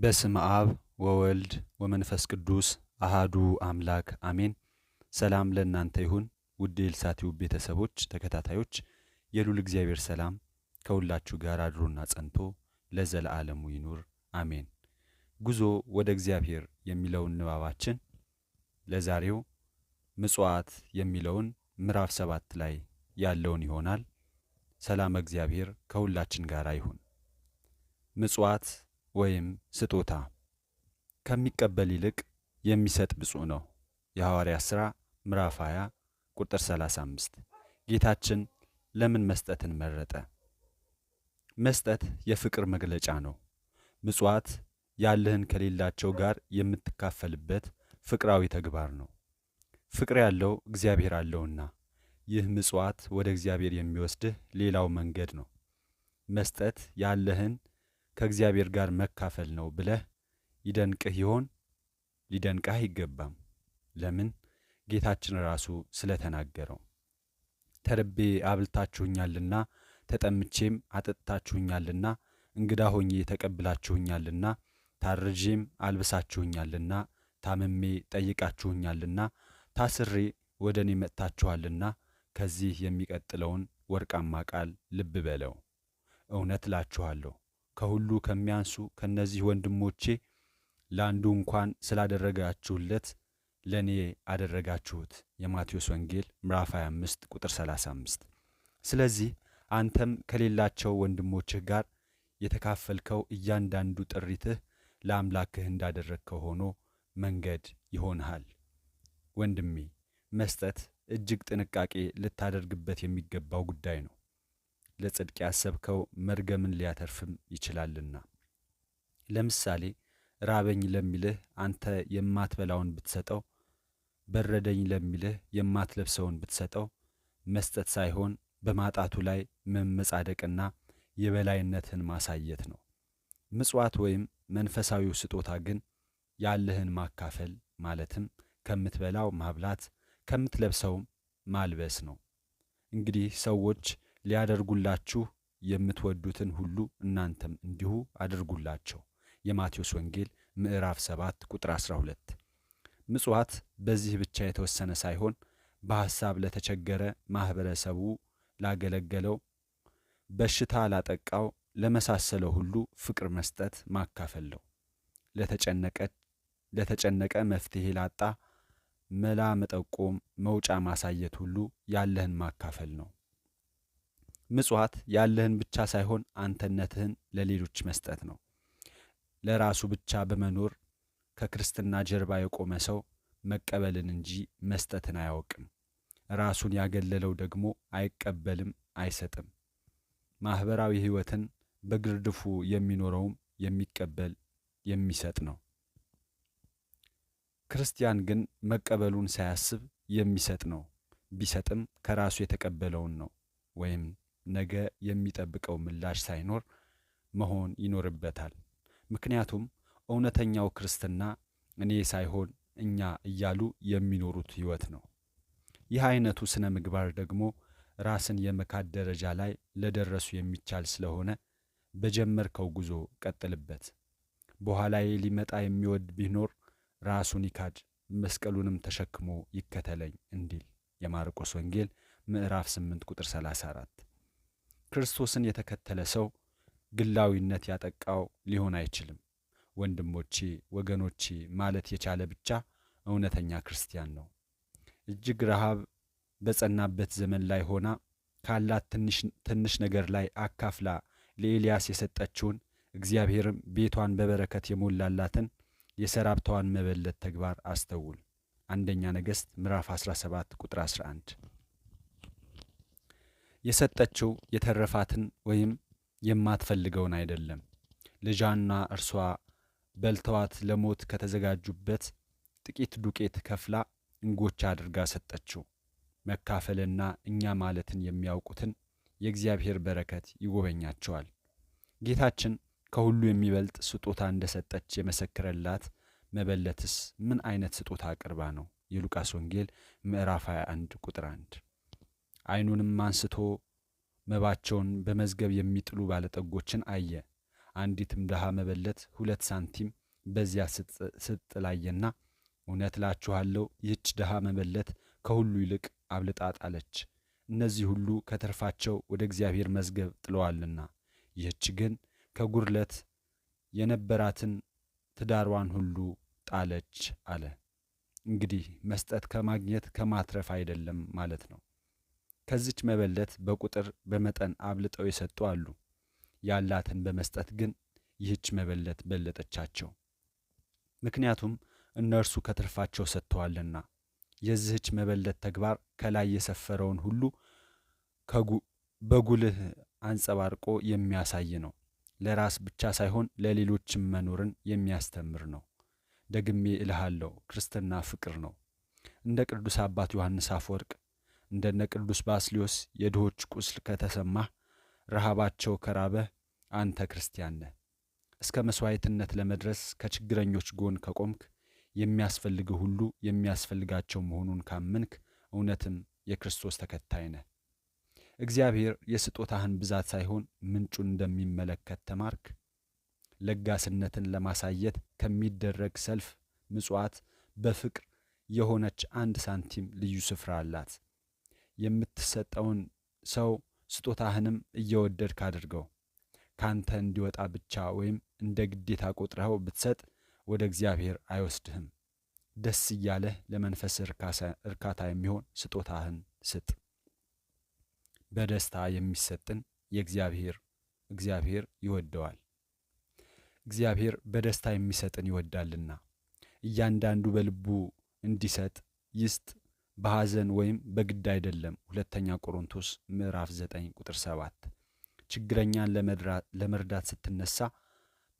በስም አብ ወወልድ ወመንፈስ ቅዱስ አሃዱ አምላክ አሜን። ሰላም ለእናንተ ይሁን ውድ የልሳቲው ቤተሰቦች ተከታታዮች፣ የሉል እግዚአብሔር ሰላም ከሁላችሁ ጋር አድሮና ጸንቶ ለዘለዓለሙ ይኑር አሜን። ጉዞ ወደ እግዚአብሔር የሚለውን ንባባችን ለዛሬው ምጽዋት የሚለውን ምዕራፍ ሰባት ላይ ያለውን ይሆናል። ሰላም እግዚአብሔር ከሁላችን ጋር ይሁን። ምጽዋት ወይም ስጦታ ከሚቀበል ይልቅ የሚሰጥ ብፁዕ ነው። የሐዋርያ ሥራ ምዕራፍ 20 ቁጥር 35። ጌታችን ለምን መስጠትን መረጠ? መስጠት የፍቅር መግለጫ ነው። ምጽዋት ያለህን ከሌላቸው ጋር የምትካፈልበት ፍቅራዊ ተግባር ነው። ፍቅር ያለው እግዚአብሔር አለውና ይህ ምጽዋት ወደ እግዚአብሔር የሚወስድህ ሌላው መንገድ ነው። መስጠት ያለህን ከእግዚአብሔር ጋር መካፈል ነው ብለህ ይደንቅህ ይሆን? ሊደንቅህ አይገባም። ለምን? ጌታችን ራሱ ስለተናገረው ተርቤ አብልታችሁኛልና፣ ተጠምቼም አጠጥታችሁኛልና፣ እንግዳ ሆኜ ተቀብላችሁኛልና፣ ታርዤም አልብሳችሁኛልና፣ ታምሜ ጠይቃችሁኛልና፣ ታስሬ ወደ እኔ መጥታችኋልና። ከዚህ የሚቀጥለውን ወርቃማ ቃል ልብ በለው። እውነት እላችኋለሁ ከሁሉ ከሚያንሱ ከእነዚህ ወንድሞቼ ለአንዱ እንኳን ስላደረጋችሁለት ለእኔ አደረጋችሁት። የማቴዎስ ወንጌል ምዕራፍ 25 ቁጥር 35። ስለዚህ አንተም ከሌላቸው ወንድሞችህ ጋር የተካፈልከው እያንዳንዱ ጥሪትህ ለአምላክህ እንዳደረግከው ሆኖ መንገድ ይሆንሃል። ወንድሜ መስጠት እጅግ ጥንቃቄ ልታደርግበት የሚገባው ጉዳይ ነው። ለጽድቅ ያሰብከው መርገምን ሊያተርፍም ይችላልና። ለምሳሌ ራበኝ ለሚልህ አንተ የማትበላውን ብትሰጠው፣ በረደኝ ለሚልህ የማትለብሰውን ብትሰጠው፣ መስጠት ሳይሆን በማጣቱ ላይ መመጻደቅና የበላይነትን ማሳየት ነው። ምጽዋት ወይም መንፈሳዊው ስጦታ ግን ያለህን ማካፈል ማለትም ከምትበላው ማብላት ከምትለብሰውም ማልበስ ነው። እንግዲህ ሰዎች ሊያደርጉላችሁ የምትወዱትን ሁሉ እናንተም እንዲሁ አድርጉላቸው። የማቴዎስ ወንጌል ምዕራፍ 7 ቁጥር 12። ምጽዋት በዚህ ብቻ የተወሰነ ሳይሆን በሐሳብ ለተቸገረ ማኅበረሰቡ ላገለገለው፣ በሽታ ላጠቃው፣ ለመሳሰለው ሁሉ ፍቅር መስጠት ማካፈል ነው። ለተጨነቀ መፍትሔ ላጣ መላ መጠቆም፣ መውጫ ማሳየት ሁሉ ያለህን ማካፈል ነው። ምጽዋት ያለህን ብቻ ሳይሆን አንተነትህን ለሌሎች መስጠት ነው። ለራሱ ብቻ በመኖር ከክርስትና ጀርባ የቆመ ሰው መቀበልን እንጂ መስጠትን አያውቅም። ራሱን ያገለለው ደግሞ አይቀበልም፣ አይሰጥም። ማኅበራዊ ሕይወትን በግርድፉ የሚኖረውም የሚቀበል የሚሰጥ ነው። ክርስቲያን ግን መቀበሉን ሳያስብ የሚሰጥ ነው። ቢሰጥም ከራሱ የተቀበለውን ነው ወይም ነገ የሚጠብቀው ምላሽ ሳይኖር መሆን ይኖርበታል። ምክንያቱም እውነተኛው ክርስትና እኔ ሳይሆን እኛ እያሉ የሚኖሩት ሕይወት ነው። ይህ አይነቱ ስነ ምግባር ደግሞ ራስን የመካድ ደረጃ ላይ ለደረሱ የሚቻል ስለሆነ በጀመርከው ጉዞ ቀጥልበት። በኋላዬ ሊመጣ የሚወድ ቢኖር ራሱን ይካድ መስቀሉንም ተሸክሞ ይከተለኝ እንዲል የማርቆስ ወንጌል ምዕራፍ 8 ቁጥር 34 ክርስቶስን የተከተለ ሰው ግላዊነት ያጠቃው ሊሆን አይችልም። ወንድሞቼ፣ ወገኖቼ ማለት የቻለ ብቻ እውነተኛ ክርስቲያን ነው። እጅግ ረሃብ በጸናበት ዘመን ላይ ሆና ካላት ትንሽ ነገር ላይ አካፍላ ለኤልያስ የሰጠችውን እግዚአብሔርም ቤቷን በበረከት የሞላላትን የሰራብታዋን መበለት ተግባር አስተውል። አንደኛ ነገሥት ምዕራፍ 17 ቁጥር 11 የሰጠችው የተረፋትን ወይም የማትፈልገውን አይደለም። ልጇና እርሷ በልተዋት ለሞት ከተዘጋጁበት ጥቂት ዱቄት ከፍላ እንጎቻ አድርጋ ሰጠችው። መካፈልና እኛ ማለትን የሚያውቁትን የእግዚአብሔር በረከት ይጎበኛቸዋል። ጌታችን ከሁሉ የሚበልጥ ስጦታ እንደሰጠች የመሰከረላት መበለትስ ምን አይነት ስጦታ አቅርባ ነው? የሉቃስ ወንጌል ምዕራፍ 21 ቁጥር 1 አይኑንም አንስቶ መባቸውን በመዝገብ የሚጥሉ ባለጠጎችን አየ። አንዲትም ድሃ መበለት ሁለት ሳንቲም በዚያ ስጥላየና እውነት እላችኋለሁ ይህች ድሃ መበለት ከሁሉ ይልቅ አብልጣ ጣለች፣ እነዚህ ሁሉ ከትርፋቸው ወደ እግዚአብሔር መዝገብ ጥለዋልና፣ ይህች ግን ከጉርለት የነበራትን ትዳሯን ሁሉ ጣለች አለ። እንግዲህ መስጠት ከማግኘት ከማትረፍ አይደለም ማለት ነው። ከዚች መበለት በቁጥር በመጠን አብልጠው የሰጡ አሉ። ያላትን በመስጠት ግን ይህች መበለት በለጠቻቸው። ምክንያቱም እነርሱ ከትርፋቸው ሰጥተዋልና። የዚህች መበለት ተግባር ከላይ የሰፈረውን ሁሉ በጉልህ አንጸባርቆ የሚያሳይ ነው። ለራስ ብቻ ሳይሆን ለሌሎችም መኖርን የሚያስተምር ነው። ደግሜ እልሃለሁ፣ ክርስትና ፍቅር ነው። እንደ ቅዱስ አባት ዮሐንስ አፈወርቅ እንደነ ቅዱስ ባስሊዮስ የድሆች ቁስል ከተሰማ ረሃባቸው ከራበ አንተ ክርስቲያን ነህ። እስከ መሥዋዕትነት ለመድረስ ከችግረኞች ጎን ከቆምክ፣ የሚያስፈልግህ ሁሉ የሚያስፈልጋቸው መሆኑን ካመንክ፣ እውነትም የክርስቶስ ተከታይ ነህ። እግዚአብሔር የስጦታህን ብዛት ሳይሆን ምንጩን እንደሚመለከት ተማርክ። ለጋስነትን ለማሳየት ከሚደረግ ሰልፍ ምጽዋት በፍቅር የሆነች አንድ ሳንቲም ልዩ ስፍራ አላት። የምትሰጠውን ሰው ስጦታህንም እየወደድክ አድርገው። ካንተ እንዲወጣ ብቻ ወይም እንደ ግዴታ ቆጥረኸው ብትሰጥ ወደ እግዚአብሔር አይወስድህም። ደስ እያለህ ለመንፈስ እርካታ የሚሆን ስጦታህን ስጥ። በደስታ የሚሰጥን የእግዚአብሔር እግዚአብሔር ይወደዋል። እግዚአብሔር በደስታ የሚሰጥን ይወዳልና እያንዳንዱ በልቡ እንዲሰጥ ይስጥ በሐዘን ወይም በግድ አይደለም። ሁለተኛ ቆሮንቶስ ምዕራፍ 9 ቁጥር 7 ችግረኛን ለመርዳት ስትነሳ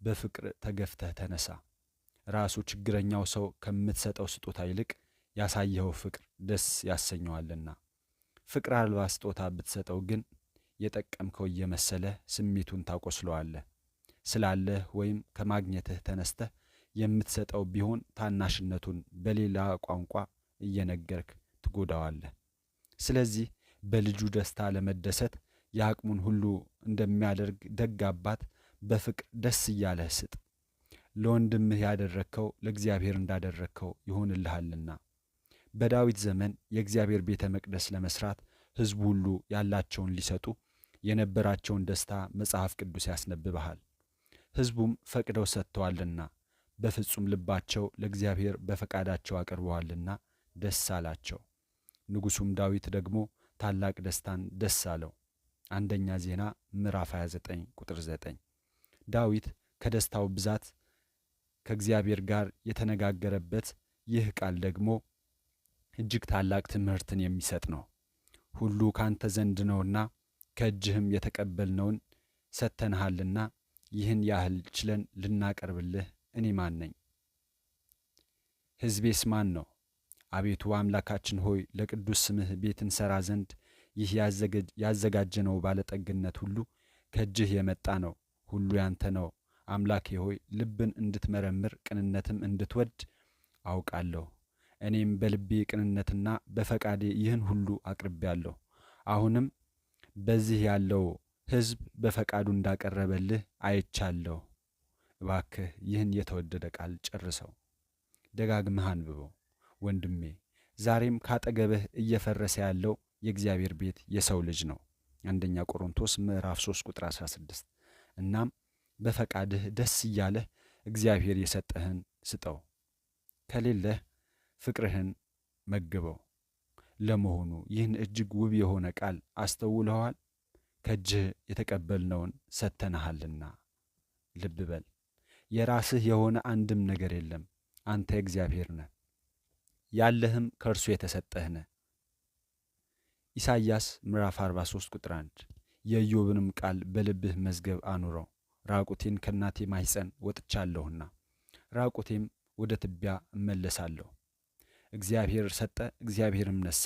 በፍቅር ተገፍተህ ተነሳ። ራሱ ችግረኛው ሰው ከምትሰጠው ስጦታ ይልቅ ያሳየኸው ፍቅር ደስ ያሰኘዋልና። ፍቅር አልባ ስጦታ ብትሰጠው ግን የጠቀምከው እየመሰለ ስሜቱን ታቆስለዋለህ። ስላለህ ወይም ከማግኘትህ ተነስተህ የምትሰጠው ቢሆን ታናሽነቱን በሌላ ቋንቋ እየነገርክ ትጎዳዋለህ። ስለዚህ በልጁ ደስታ ለመደሰት የአቅሙን ሁሉ እንደሚያደርግ ደግ አባት በፍቅር ደስ እያለህ ስጥ። ለወንድምህ ያደረግከው ለእግዚአብሔር እንዳደረግከው ይሆንልሃልና። በዳዊት ዘመን የእግዚአብሔር ቤተ መቅደስ ለመስራት ሕዝቡ ሁሉ ያላቸውን ሊሰጡ የነበራቸውን ደስታ መጽሐፍ ቅዱስ ያስነብበሃል። ሕዝቡም ፈቅደው ሰጥተዋልና በፍጹም ልባቸው ለእግዚአብሔር በፈቃዳቸው አቅርበዋልና ደስ አላቸው። ንጉሡም ዳዊት ደግሞ ታላቅ ደስታን ደስ አለው። አንደኛ ዜና ምዕራፍ 29 ቁጥር 9። ዳዊት ከደስታው ብዛት ከእግዚአብሔር ጋር የተነጋገረበት ይህ ቃል ደግሞ እጅግ ታላቅ ትምህርትን የሚሰጥ ነው። ሁሉ ካንተ ዘንድ ነውና ከእጅህም የተቀበልነውን ሰጥተንሃልና ይህን ያህል ችለን ልናቀርብልህ እኔ ማን ነኝ? ሕዝቤስ ማን ነው? አቤቱ አምላካችን ሆይ ለቅዱስ ስምህ ቤትን ሠራ ዘንድ ይህ ያዘጋጀነው ባለጠግነት ሁሉ ከእጅህ የመጣ ነው፣ ሁሉ ያንተ ነው። አምላኬ ሆይ ልብን እንድትመረምር ቅንነትም እንድትወድ አውቃለሁ። እኔም በልቤ ቅንነትና በፈቃዴ ይህን ሁሉ አቅርቤያለሁ። አሁንም በዚህ ያለው ሕዝብ በፈቃዱ እንዳቀረበልህ አይቻለሁ። እባክህ ይህን የተወደደ ቃል ጨርሰው፣ ደጋግመህ አንብበው። ወንድሜ፣ ዛሬም ካጠገብህ እየፈረሰ ያለው የእግዚአብሔር ቤት የሰው ልጅ ነው። አንደኛ ቆሮንቶስ ምዕራፍ 3 ቁጥር 16። እናም በፈቃድህ ደስ እያለህ እግዚአብሔር የሰጠህን ስጠው፣ ከሌለህ ፍቅርህን መግበው። ለመሆኑ ይህን እጅግ ውብ የሆነ ቃል አስተውለዋል? ከእጅህ የተቀበልነውን ሰጥተንሃልና። ልብ በል፣ የራስህ የሆነ አንድም ነገር የለም። አንተ እግዚአብሔር ነህ። ያለህም ከእርሱ የተሰጠህነ ኢሳይያስ ምዕራፍ 43 ቁጥር 1 የኢዮብንም ቃል በልብህ መዝገብ አኑረው፣ ራቁቴን ከእናቴ ማኅፀን ወጥቻለሁና ራቁቴም ወደ ትቢያ እመለሳለሁ። እግዚአብሔር ሰጠ፣ እግዚአብሔርም ነሳ፣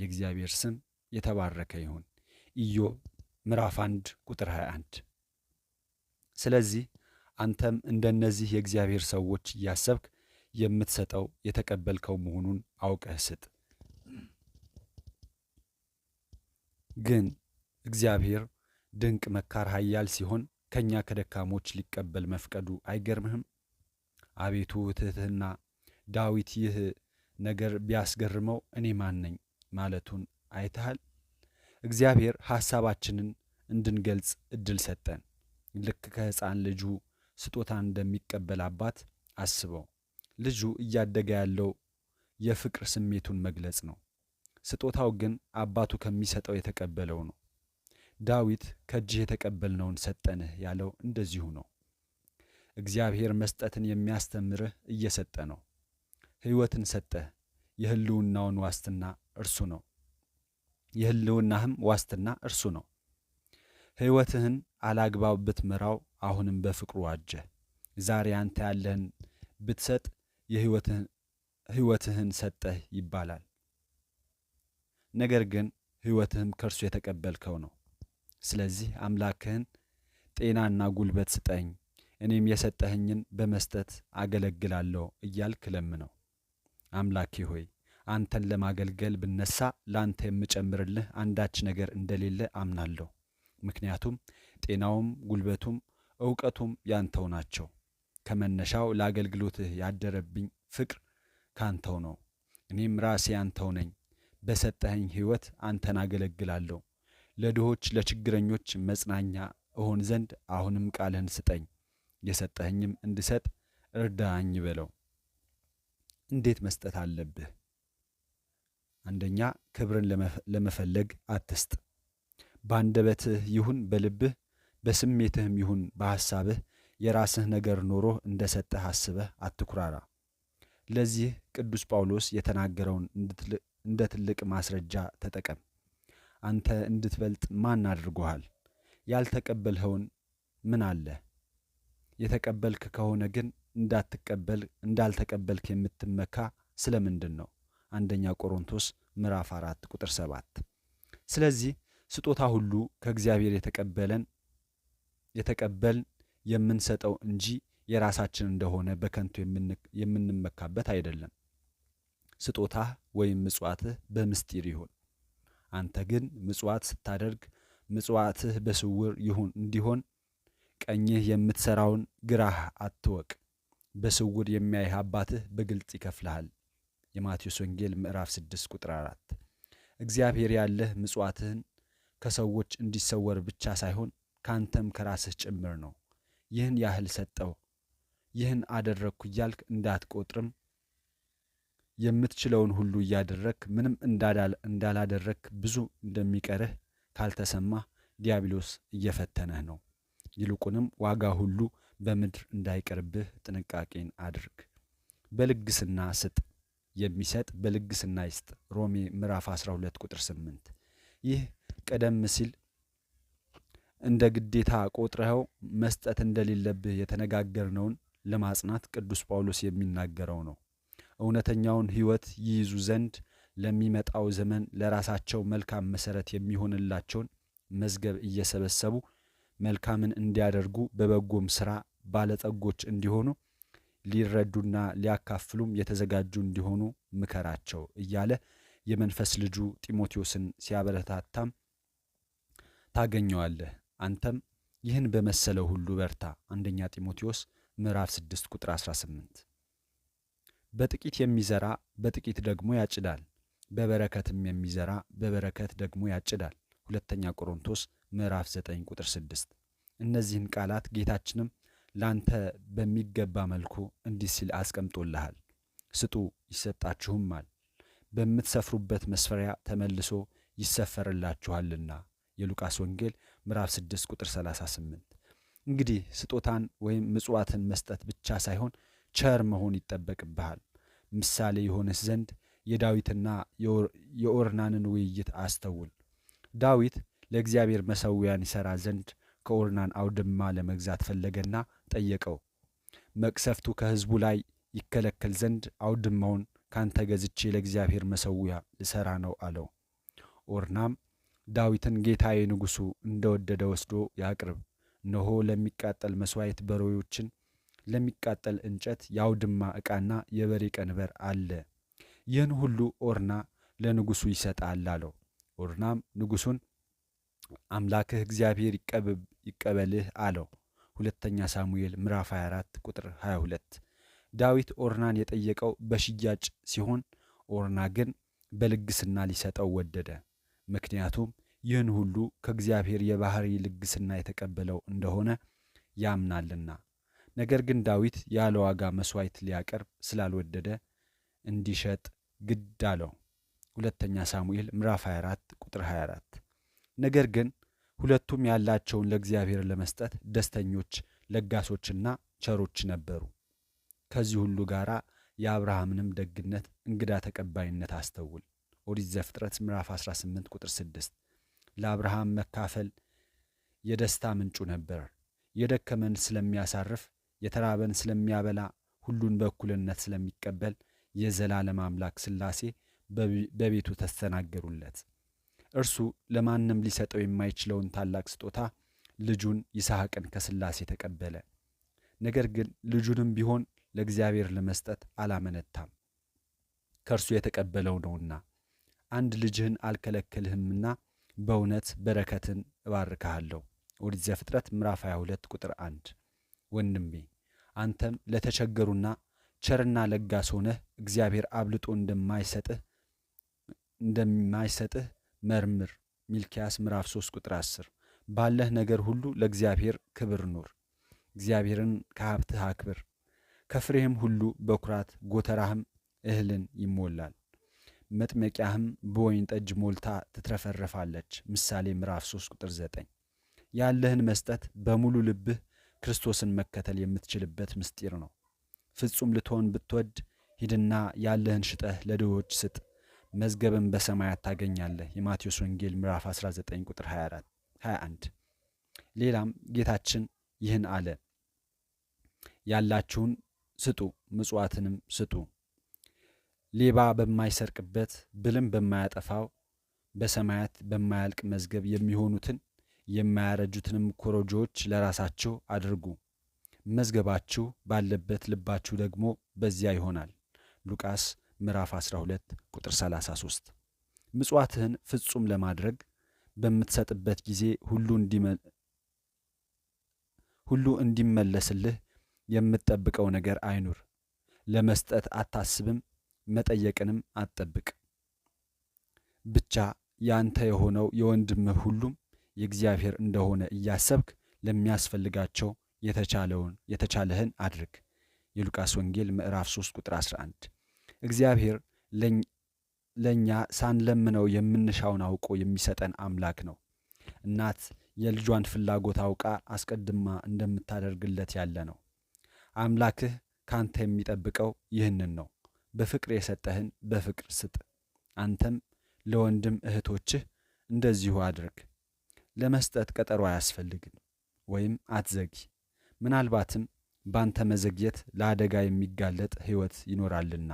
የእግዚአብሔር ስም የተባረከ ይሁን። ኢዮብ ምዕራፍ 1 ቁጥር 21 ስለዚህ አንተም እንደነዚህ የእግዚአብሔር ሰዎች እያሰብክ የምትሰጠው የተቀበልከው መሆኑን አውቀህ ስጥ። ግን እግዚአብሔር ድንቅ መካር ኃያል ሲሆን ከእኛ ከደካሞች ሊቀበል መፍቀዱ አይገርምህም? አቤቱ ትህትና ዳዊት ይህ ነገር ቢያስገርመው እኔ ማን ነኝ ማለቱን አይተሃል። እግዚአብሔር ሐሳባችንን እንድንገልጽ እድል ሰጠን። ልክ ከሕፃን ልጁ ስጦታ እንደሚቀበል አባት አስበው። ልጁ እያደገ ያለው የፍቅር ስሜቱን መግለጽ ነው። ስጦታው ግን አባቱ ከሚሰጠው የተቀበለው ነው። ዳዊት ከእጅህ የተቀበልነውን ሰጠንህ ያለው እንደዚሁ ነው። እግዚአብሔር መስጠትን የሚያስተምርህ እየሰጠ ነው። ሕይወትን ሰጠህ። የህልውናውን ዋስትና እርሱ ነው። የህልውናህም ዋስትና እርሱ ነው። ሕይወትህን አላግባብ ብትመራው አሁንም በፍቅሩ አጀህ። ዛሬ አንተ ያለህን ብትሰጥ ሕይወትህን ሰጠህ ይባላል። ነገር ግን ሕይወትህም ከእርሱ የተቀበልከው ነው። ስለዚህ አምላክህን ጤናና ጉልበት ስጠኝ፣ እኔም የሰጠህኝን በመስጠት አገለግላለሁ እያልክ ለምነው። አምላኬ ሆይ አንተን ለማገልገል ብነሳ ለአንተ የምጨምርልህ አንዳች ነገር እንደሌለ አምናለሁ። ምክንያቱም ጤናውም ጉልበቱም እውቀቱም ያንተው ናቸው። ከመነሻው ለአገልግሎትህ ያደረብኝ ፍቅር ካንተው ነው። እኔም ራሴ አንተው ነኝ። በሰጠኸኝ ሕይወት አንተን አገለግላለሁ። ለድሆች ለችግረኞች መጽናኛ እሆን ዘንድ አሁንም ቃልህን ስጠኝ፣ የሰጠኸኝም እንድሰጥ እርዳኝ በለው። እንዴት መስጠት አለብህ? አንደኛ ክብርን ለመፈለግ አትስጥ። በአንደበትህ ይሁን በልብህ፣ በስሜትህም ይሁን በሐሳብህ የራስህ ነገር ኖሮህ እንደ ሰጠህ አስበህ አትኩራራ። ለዚህ ቅዱስ ጳውሎስ የተናገረውን እንደ ትልቅ ማስረጃ ተጠቀም። አንተ እንድትበልጥ ማን አድርጎሃል? ያልተቀበልኸውን ምን አለ? የተቀበልክ ከሆነ ግን እንዳትቀበል እንዳልተቀበልክ የምትመካ ስለምንድን ነው? አንደኛ ቆሮንቶስ ምዕራፍ አራት ቁጥር ሰባት ስለዚህ ስጦታ ሁሉ ከእግዚአብሔር የተቀበለን የተቀበልን የምንሰጠው እንጂ የራሳችን እንደሆነ በከንቱ የምንመካበት አይደለም። ስጦታህ ወይም ምጽዋትህ በምስጢር ይሁን። አንተ ግን ምጽዋት ስታደርግ ምጽዋትህ በስውር ይሁን እንዲሆን ቀኝህ የምትሠራውን ግራህ አትወቅ። በስውር የሚያይህ አባትህ በግልጽ ይከፍልሃል። የማቴዎስ ወንጌል ምዕራፍ 6 ቁጥር 4። እግዚአብሔር ያለህ ምጽዋትህን ከሰዎች እንዲሰወር ብቻ ሳይሆን ካንተም ከራስህ ጭምር ነው። ይህን ያህል ሰጠው፣ ይህን አደረግኩ እያልክ እንዳትቆጥርም የምትችለውን ሁሉ እያደረግክ ምንም እንዳላደረግክ ብዙ እንደሚቀርህ ካልተሰማ ዲያብሎስ እየፈተነህ ነው። ይልቁንም ዋጋ ሁሉ በምድር እንዳይቀርብህ ጥንቃቄን አድርግ። በልግስና ስጥ። የሚሰጥ በልግስና ይስጥ። ሮሜ ምዕራፍ 12 ቁጥር 8። ይህ ቀደም ሲል እንደ ግዴታ ቆጥረኸው መስጠት እንደሌለብህ የተነጋገርነውን ለማጽናት ቅዱስ ጳውሎስ የሚናገረው ነው። እውነተኛውን ሕይወት ይይዙ ዘንድ ለሚመጣው ዘመን ለራሳቸው መልካም መሠረት የሚሆንላቸውን መዝገብ እየሰበሰቡ መልካምን እንዲያደርጉ በበጎም ሥራ ባለጠጎች እንዲሆኑ ሊረዱና ሊያካፍሉም የተዘጋጁ እንዲሆኑ ምከራቸው እያለ የመንፈስ ልጁ ጢሞቴዎስን ሲያበረታታም ታገኘዋለህ። አንተም ይህን በመሰለው ሁሉ በርታ። አንደኛ ጢሞቴዎስ ምዕራፍ 6 ቁጥር 18። በጥቂት የሚዘራ በጥቂት ደግሞ ያጭዳል፣ በበረከትም የሚዘራ በበረከት ደግሞ ያጭዳል። ሁለተኛ ቆሮንቶስ ምዕራፍ 9 ቁጥር 6። እነዚህን ቃላት ጌታችንም ላንተ በሚገባ መልኩ እንዲህ ሲል አስቀምጦልሃል። ስጡ ይሰጣችሁማል፣ በምትሰፍሩበት መስፈሪያ ተመልሶ ይሰፈርላችኋልና የሉቃስ ወንጌል ምዕራፍ 6 ቁጥር 38። እንግዲህ ስጦታን ወይም ምጽዋትን መስጠት ብቻ ሳይሆን ቸር መሆን ይጠበቅብሃል። ምሳሌ የሆነስ ዘንድ የዳዊትና የኦርናንን ውይይት አስተውል። ዳዊት ለእግዚአብሔር መሠዊያን ይሠራ ዘንድ ከኦርናን አውድማ ለመግዛት ፈለገና ጠየቀው። መቅሰፍቱ ከሕዝቡ ላይ ይከለከል ዘንድ አውድማውን ካንተ ገዝቼ ለእግዚአብሔር መሠዊያ ልሠራ ነው አለው። ኦርናም ዳዊትን ጌታዬ ንጉሡ እንደወደደ ወስዶ ያቅርብ፣ እነሆ ለሚቃጠል መሥዋዕት በሬዎችን፣ ለሚቃጠል እንጨት የአውድማ ዕቃና የበሬ ቀንበር አለ። ይህን ሁሉ ኦርና ለንጉሡ ይሰጣል አለው። ኦርናም ንጉሡን አምላክህ እግዚአብሔር ይቀበልህ አለው። ሁለተኛ ሳሙኤል ምዕራፍ 24 ቁጥር 22። ዳዊት ኦርናን የጠየቀው በሽያጭ ሲሆን ኦርና ግን በልግስና ሊሰጠው ወደደ። ምክንያቱም ይህን ሁሉ ከእግዚአብሔር የባህሪ ልግስና የተቀበለው እንደሆነ ያምናልና። ነገር ግን ዳዊት ያለ ዋጋ መሥዋዕት ሊያቀርብ ስላልወደደ እንዲሸጥ ግድ አለው። ሁለተኛ ሳሙኤል ምዕራፍ 24 ቁጥር 24። ነገር ግን ሁለቱም ያላቸውን ለእግዚአብሔር ለመስጠት ደስተኞች ለጋሶችና ቸሮች ነበሩ። ከዚህ ሁሉ ጋር የአብርሃምንም ደግነት እንግዳ ተቀባይነት አስተውል። ኦሪት ዘፍጥረት ምዕራፍ 18 ቁጥር 6 ለአብርሃም መካፈል የደስታ ምንጩ ነበር። የደከመን ስለሚያሳርፍ፣ የተራበን ስለሚያበላ፣ ሁሉን በእኩልነት ስለሚቀበል የዘላለም አምላክ ሥላሴ በቤቱ ተስተናገሩለት። እርሱ ለማንም ሊሰጠው የማይችለውን ታላቅ ስጦታ ልጁን ይስሐቅን ከሥላሴ ተቀበለ። ነገር ግን ልጁንም ቢሆን ለእግዚአብሔር ለመስጠት አላመነታም፣ ከእርሱ የተቀበለው ነውና። አንድ ልጅህን አልከለክልህምና በእውነት በረከትን እባርካሃለሁ። ኦሪት ዘፍጥረት ምዕራፍ 22 ቁጥር 1። ወንድሜ አንተም ለተቸገሩና ቸርና ለጋስ ሆነህ እግዚአብሔር አብልጦ እንደማይሰጥህ እንደማይሰጥህ መርምር። ሚልኪያስ ምዕራፍ 3 ቁጥር 10። ባለህ ነገር ሁሉ ለእግዚአብሔር ክብር ኑር። እግዚአብሔርን ከሀብትህ አክብር፣ ከፍሬህም ሁሉ በኩራት ጎተራህም እህልን ይሞላል። መጥመቂያህም በወይን ጠጅ ሞልታ ትትረፈረፋለች። ምሳሌ ምዕራፍ 3 ቁጥር 9 ያለህን መስጠት በሙሉ ልብህ ክርስቶስን መከተል የምትችልበት ምስጢር ነው። ፍጹም ልትሆን ብትወድ ሂድና ያለህን ሽጠህ ለድሆች ስጥ፣ መዝገብን በሰማያት ታገኛለህ። የማቴዎስ ወንጌል ምዕራፍ 19 ቁጥር 21። ሌላም ጌታችን ይህን አለ፣ ያላችሁን ስጡ፣ ምጽዋትንም ስጡ ሌባ በማይሰርቅበት ብልም በማያጠፋው በሰማያት በማያልቅ መዝገብ የሚሆኑትን የማያረጁትንም ኮረጆዎች ለራሳችሁ አድርጉ። መዝገባችሁ ባለበት ልባችሁ ደግሞ በዚያ ይሆናል። ሉቃስ ምዕራፍ 12 ቁጥር 33። ምጽዋትህን ፍጹም ለማድረግ በምትሰጥበት ጊዜ ሁሉ እንዲመለስልህ የምትጠብቀው ነገር አይኑር። ለመስጠት አታስብም፣ መጠየቅንም አትጠብቅ። ብቻ ያንተ የሆነው የወንድምህ ሁሉም የእግዚአብሔር እንደሆነ እያሰብክ ለሚያስፈልጋቸው የተቻለውን የተቻለህን አድርግ። የሉቃስ ወንጌል ምዕራፍ 3 ቁጥር 11። እግዚአብሔር ለእኛ ሳንለምነው የምንሻውን አውቆ የሚሰጠን አምላክ ነው። እናት የልጇን ፍላጎት አውቃ አስቀድማ እንደምታደርግለት ያለ ነው። አምላክህ ካንተ የሚጠብቀው ይህንን ነው። በፍቅር የሰጠህን በፍቅር ስጥ። አንተም ለወንድም እህቶችህ እንደዚሁ አድርግ። ለመስጠት ቀጠሮ አያስፈልግም ወይም አትዘጊ። ምናልባትም ባንተ መዘግየት ለአደጋ የሚጋለጥ ሕይወት ይኖራልና።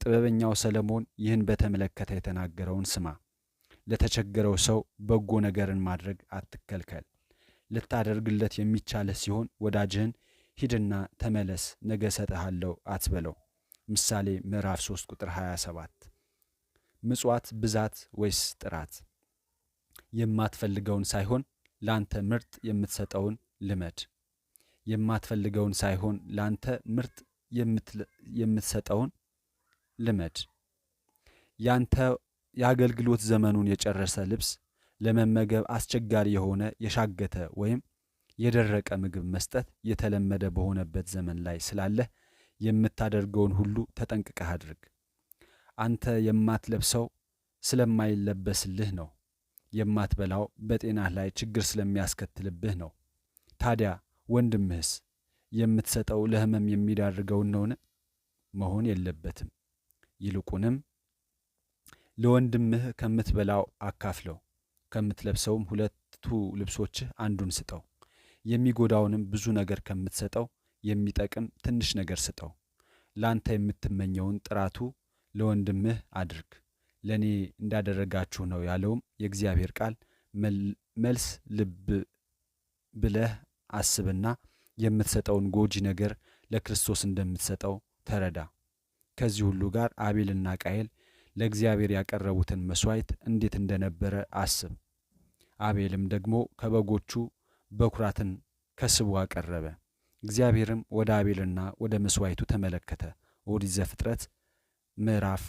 ጥበበኛው ሰለሞን ይህን በተመለከተ የተናገረውን ስማ። ለተቸገረው ሰው በጎ ነገርን ማድረግ አትከልከል። ልታደርግለት የሚቻልህ ሲሆን ወዳጅህን ሂድና ተመለስ፣ ነገ እሰጥሃለሁ አትበለው። ምሳሌ ምዕራፍ 3 ቁጥር 27። ምጽዋት ብዛት ወይስ ጥራት? የማትፈልገውን ሳይሆን ላንተ ምርጥ የምትሰጠውን ልመድ። የማትፈልገውን ሳይሆን ላንተ ምርጥ የምትሰጠውን ልመድ። ያንተ የአገልግሎት ዘመኑን የጨረሰ ልብስ ለመመገብ አስቸጋሪ የሆነ የሻገተ ወይም የደረቀ ምግብ መስጠት የተለመደ በሆነበት ዘመን ላይ ስላለህ የምታደርገውን ሁሉ ተጠንቅቀህ አድርግ። አንተ የማትለብሰው ስለማይለበስልህ ነው። የማትበላው በጤናህ ላይ ችግር ስለሚያስከትልብህ ነው። ታዲያ ወንድምህስ የምትሰጠው ለህመም የሚዳርገውን ነውን? መሆን የለበትም። ይልቁንም ለወንድምህ ከምትበላው አካፍለው፣ ከምትለብሰውም ሁለቱ ልብሶችህ አንዱን ስጠው። የሚጎዳውንም ብዙ ነገር ከምትሰጠው የሚጠቅም ትንሽ ነገር ስጠው። ለአንተ የምትመኘውን ጥራቱ ለወንድምህ አድርግ፣ ለእኔ እንዳደረጋችሁ ነው ያለውም የእግዚአብሔር ቃል መልስ ልብ ብለህ አስብና የምትሰጠውን ጎጂ ነገር ለክርስቶስ እንደምትሰጠው ተረዳ። ከዚህ ሁሉ ጋር አቤልና ቃየል ለእግዚአብሔር ያቀረቡትን መሥዋዕት እንዴት እንደነበረ አስብ። አቤልም ደግሞ ከበጎቹ በኩራትን ከስቡ አቀረበ። እግዚአብሔርም ወደ አቤልና ወደ መሥዋዕቱ ተመለከተ። ኦሪት ዘፍጥረት ምዕራፍ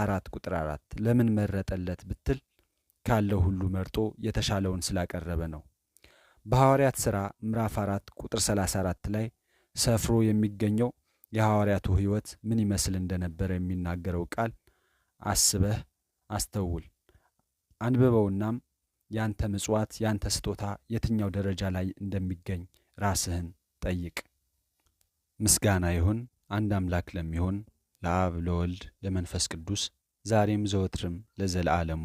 አራት ቁጥር አራት ለምን መረጠለት ብትል ካለው ሁሉ መርጦ የተሻለውን ስላቀረበ ነው። በሐዋርያት ሥራ ምዕራፍ አራት ቁጥር 34 ላይ ሰፍሮ የሚገኘው የሐዋርያቱ ሕይወት ምን ይመስል እንደነበረ የሚናገረው ቃል አስበህ አስተውል አንብበውናም ያንተ ምጽዋት ያንተ ስጦታ የትኛው ደረጃ ላይ እንደሚገኝ ራስህን ጠይቅ። ምስጋና ይሁን አንድ አምላክ ለሚሆን ለአብ ለወልድ ለመንፈስ ቅዱስ ዛሬም ዘወትርም ለዘለዓለሙ